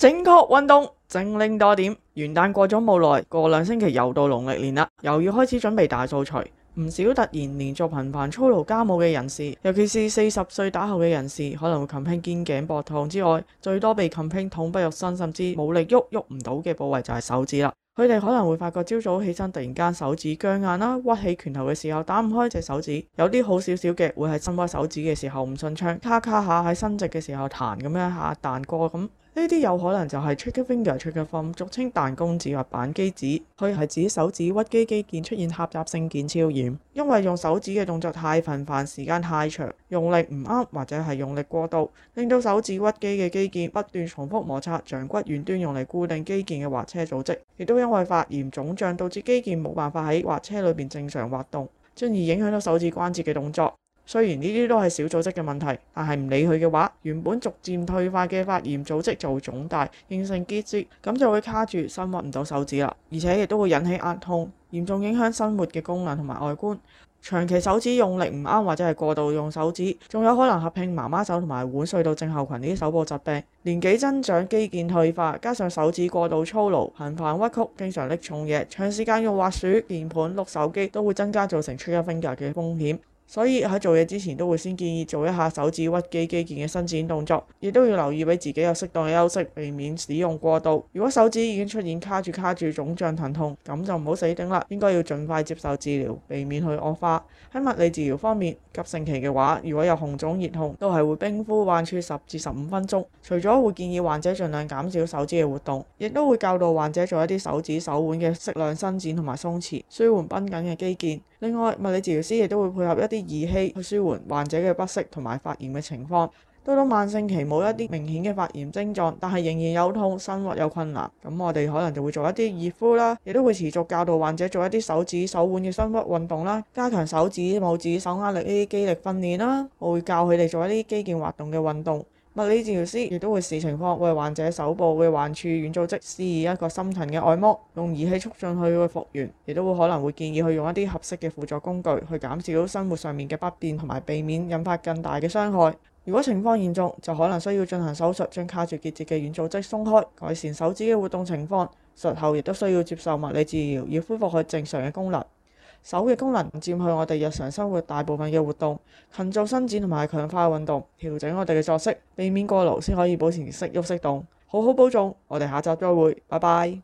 正確運動正令多點。元旦過咗冇耐，過兩星期又到農曆年啦，又要開始準備大掃除。唔少突然連續頻繁操勞家務嘅人士，尤其是四十歲打後嘅人士，可能會琴拼肩頸膊痛之外，最多被琴拼痛不欲生，甚至冇力喐喐唔到嘅部位就係手指啦。佢哋可能會發覺朝早上起身突然間手指僵硬啦，屈起拳頭嘅時候打唔開隻手指，有啲好少少嘅會係伸開手指嘅時候唔順暢，咔咔下喺伸直嘅時候彈咁樣下，彈，一下彈過咁。呢啲有可能就係 Trigger Finger Trigger Form，俗稱彈弓指或扳機指。佢係指手指屈肌肌腱出現狹窄性腱鞘炎，因為用手指嘅動作太頻繁、時間太長、用力唔啱或者係用力過度，令到手指屈肌嘅肌腱不斷重複摩擦掌骨遠端用嚟固定肌腱嘅滑車組織，亦都因為發炎腫脹導致肌腱冇辦法喺滑車裏邊正常滑動，進而影響到手指關節嘅動作。雖然呢啲都係小組織嘅問題，但係唔理佢嘅話，原本逐漸退化嘅發炎組織就會腫大、形成結節，咁就會卡住，伸屈唔到手指啦，而且亦都會引起壓痛，嚴重影響生活嘅功能同埋外觀。長期手指用力唔啱或者係過度用手指，仲有可能合併媽媽手同埋腕隧道症候群呢啲手部疾病。年紀增長、肌腱退化，加上手指過度操勞、頻繁屈曲、經常拎重嘢、長時間用滑鼠、鍵盤、碌手機，都會增加造成 trigger finger 嘅風險。所以喺做嘢之前都會先建議做一下手指屈肌肌腱嘅伸展動作，亦都要留意俾自己有適當嘅休息，避免使用過度。如果手指已經出現卡住、卡住、腫脹疼痛，咁就唔好死頂啦，應該要盡快接受治療，避免去惡化。喺物理治療方面，急性期嘅話，如果有紅腫熱痛，都係會冰敷患處十至十五分鐘，除咗會建議患者盡量減少手指嘅活動，亦都會教導患者做一啲手指、手腕嘅適量伸展同埋鬆弛，舒緩繃緊嘅肌腱。另外，物理治療師亦都會配合一啲。儀器去舒緩患者嘅不適同埋發炎嘅情況，到到慢性期冇一啲明顯嘅發炎症狀，但係仍然有痛、生活有困難，咁我哋可能就會做一啲熱敷啦，亦都會持續教導患者做一啲手指、手腕嘅伸屈運動啦，加強手指、拇指、手握力呢啲肌力訓練啦，我會教佢哋做一啲肌腱活動嘅運動。物理治療師亦都會視情況為患者手部為患處軟組織施以一個深層嘅按摩，用儀器促進佢嘅復原，亦都會可能會建議佢用一啲合適嘅輔助工具去減少生活上面嘅不便同埋避免引發更大嘅傷害。如果情況嚴重，就可能需要進行手術，將卡住結節嘅軟組織鬆開，改善手指嘅活動情況。術後亦都需要接受物理治療，要恢復佢正常嘅功能。手嘅功能佔去我哋日常生活大部分嘅活動，勤做伸展同埋強化運動，調整我哋嘅作息，避免過勞，先可以保持識郁適動。好好保重，我哋下集再會，拜拜。